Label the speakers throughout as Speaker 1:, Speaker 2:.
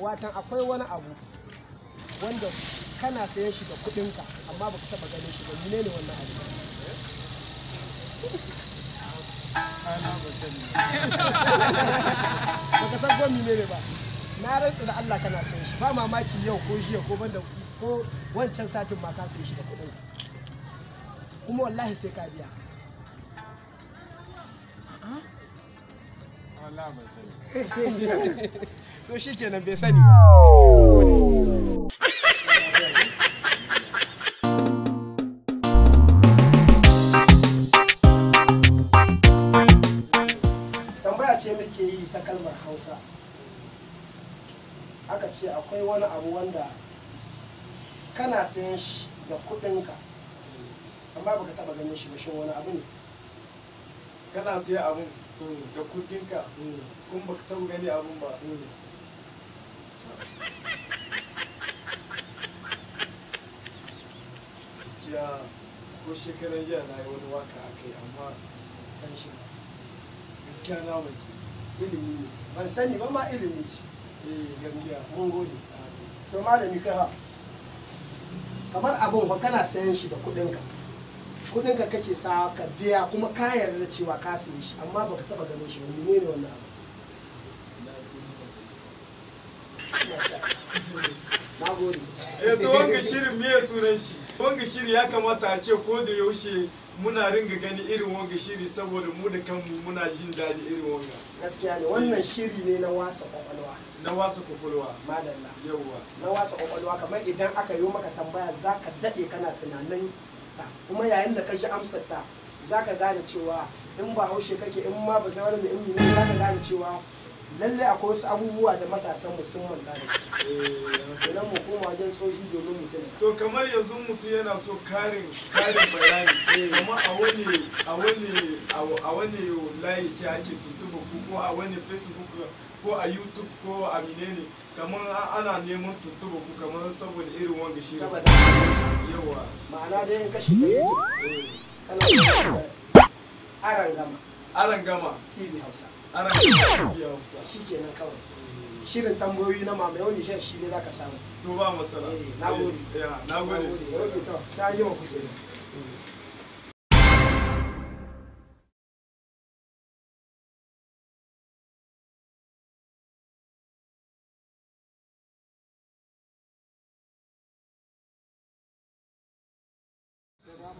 Speaker 1: watan akwai wani abu wanda kana sayan shi da kuɗinka amma baka taɓa ganin shi ba ne wannan abu baka san ko ne ba na rantsa da Allah kana sayan shi ba mamaki yau ko jiya ko banda ko wancan satin ma ka sayan shi da kuɗinka kuma wallahi sai ka biya Allah to shi kenan bai sani kalmar hausa aka ce akwai wani abu wanda kana sayan shi da kudinka amma baka taba ganin shi ba shin wani abu ne kana sayan abin hmm. da kudinka hmm. kuma baka taba gani abin ba hmm. gaskiya ko shekaran jiya na yi wani waka a kai amma san shi gaskiya na wace ilimi ne ban sani ba ma ilimi ce eh gaskiya mun gode to malami kai ha kamar abin fa kana sayan shi da kuɗinka kuɗinka kake sa ka biya kuma ka yarda cewa ka sayi shi amma baka taba ganin shi ne ne wannan abu Yanzu shiri ya kamata a ce ko da yaushe muna ringa gani irin wanga shiri saboda mu da kanmu muna jin daɗi irin wanga. Gaskiya ne wannan shiri ne na wasa kwakwalwa. Na wasa kwakwalwa. Madalla. Yawwa. Na wasa kwakwalwa kamar idan aka yi maka tambaya za ka daɗe kana tunanin ta kuma yayin da ka ji amsar ta za ka gane cewa in ba haushe kake in ma ba sai wani mai in za ka gane cewa lallai akwai wasu abubuwa da matasan musamman sun manta da su eh, kenan mu koma wajen tsohi domin mu tana. to kamar yanzu mutum yana so karin karin bayani eh, amma a wani a wani a wani layi ce ake tuntuba ku ko a wani facebook ko a youtube ko a menene kamar ana neman tuntuba ku kamar saboda irin wanda shi saboda yawa ma'ana dai kashi ta youtube eh, kana gama aran gama tv hausa aran gama tv hausa shikenan kawai shirin tambayoyi na mamaye wani shan shi ne zaka samu to ba masala eh, eh, na gode na gode sosai to sai yau ku kenan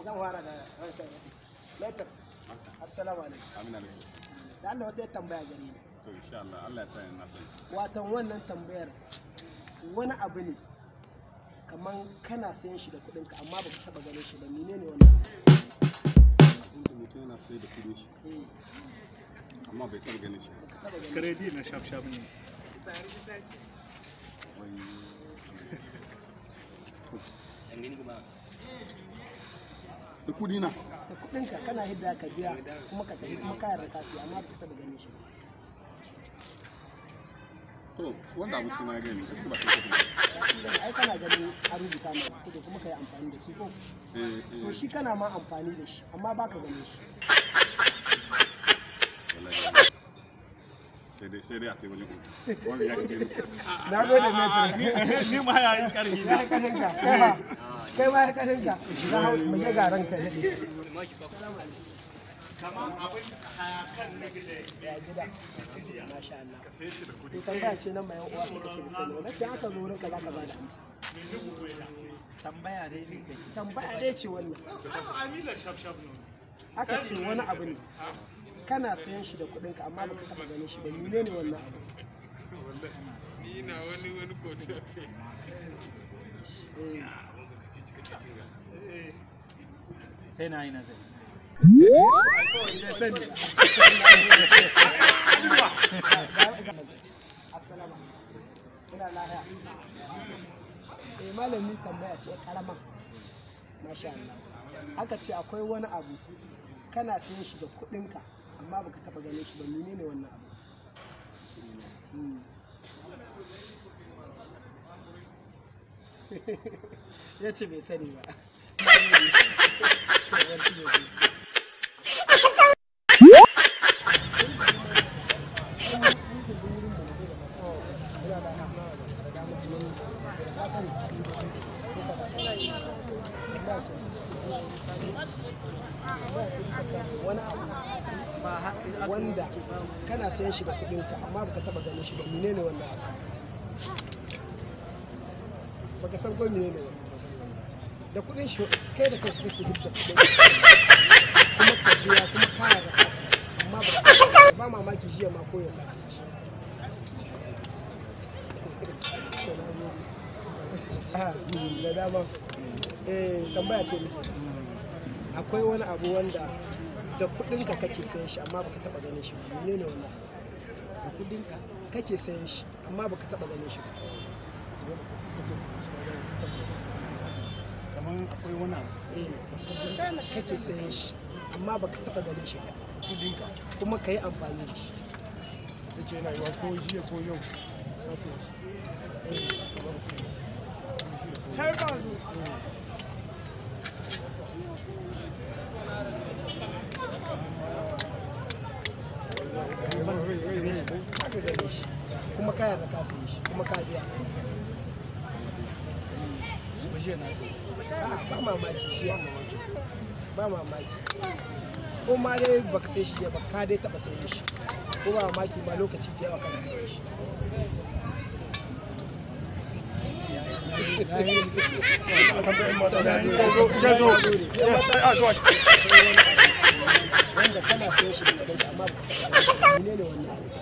Speaker 1: zan fara da assalamu alaikum amin da Allah wata tambaya gare ni to insha Allah Allah ya sa na sani watan wannan tambayar wani abu ne kaman kana sayan shi da kuɗin ka amma baka saba ganin shi ba menene wannan abin da mutum yana sayar da kuɗin shi eh. amma bai taɓa ganin shi kredi na shaf shaf ne wai da kudi na da kudin ka kana yadda ka biya kuma ka tafi kuma kayar da ka siya amma ka da ganin shi to wanda abu shi na gani gaskiya ba shi kudi ai kana ganin a rubuta ma kudi kuma kai amfani da su ko eh, eh. to shi kana ma amfani da shi amma baka ganin shi sai dai sai dai a taimaki ku wanda ya ke na gode mai ni ma ya yi karfi na karhin ka kai ma ya karin ka na hausa mu ga ran ka dade kaman abin hayakan na gida ya gida masha Allah ka sai shi da kudi tambaya ce nan mai uwa suka ce sai na ce aka zo wurin ka ba da amsa tambaya dai ne tambaya dai ce wannan amila shaf shaf
Speaker 2: aka ce wani abu ne
Speaker 1: kana sayan shi da kuɗin ka amma baka taɓa ganin shi ba menene wannan abu ni na wani wani kotu sai eh, malami tambaya ce karama masha Allah aka ce akwai wani abu kana sayan shi da kuɗinka amma baka taɓa ganin shi ba menene wannan abu hmm. ya ce bai sani ba wanda kana sayan shi da kudinka amma baka taba ganin shi ba menene wannan haka baka san ne menene da kuɗin shi kai da kai kake duk da kuɗin kuma ka biya kuma kaya da kasa
Speaker 2: amma
Speaker 1: ba mamaki jiya ma ko ya kasa ah, da dama eh, tambaya ce muke akwai wani abu wanda da kudinka kake sayan shi amma baka taba ganin shi ba menene wannan da kudinka kake sayan shi amma baka taba ganin shi ba kamar akwai wani abu eh, kake sayan shi amma baka taba ganin shi ba kuma ka yi amfani da shi da ke rayuwa ko jiya ko yau ka sayan shi eh, sai ba zo eh, kuma da ka sayi shi kuma ka biya je na sai ah, ba mamaki shi ya mamaki ba mamaki ko ma dai baka sai shi ba ka dai taba sai shi ko ba mamaki ma lokaci da yawa kana sai shi wanda ne ne wannan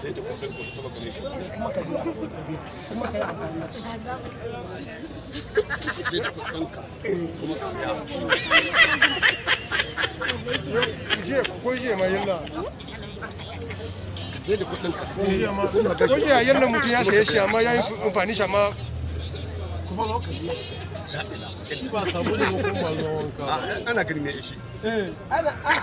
Speaker 1: sai ta kuma ka kuma ka ka ma ka kuma ka mutum ya saye shi amma ya yi amfani shi amma kuma lokaci shi ba sabo ne ko kuma ruwan wanka ana ganin ne shi eh ana ah,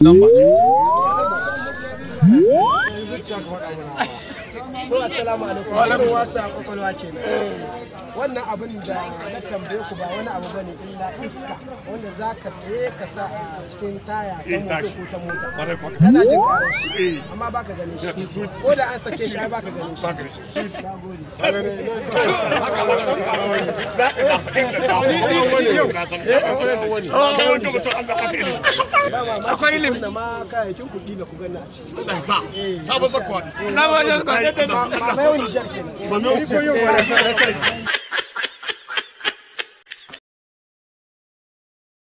Speaker 1: Lamba. Zuciya ka faɗa mana. Ko assalamu alaikum. Shirin wasa kwakwalwa kenan. wannan abin da na tambaye ku ba wani abu bane illa iska wanda za ka saye ka sa a cikin taya ta mota ko ta mota kana jin karar shi amma ba ka ganin shi ko da an sake shi ba ka ganin shi ba ilimi da ma ba kuɗi da ku gani a ciki sa ba zakwa sabon zakwa ba mai wani jarki ba ba ba ba ba ba mai wani jarki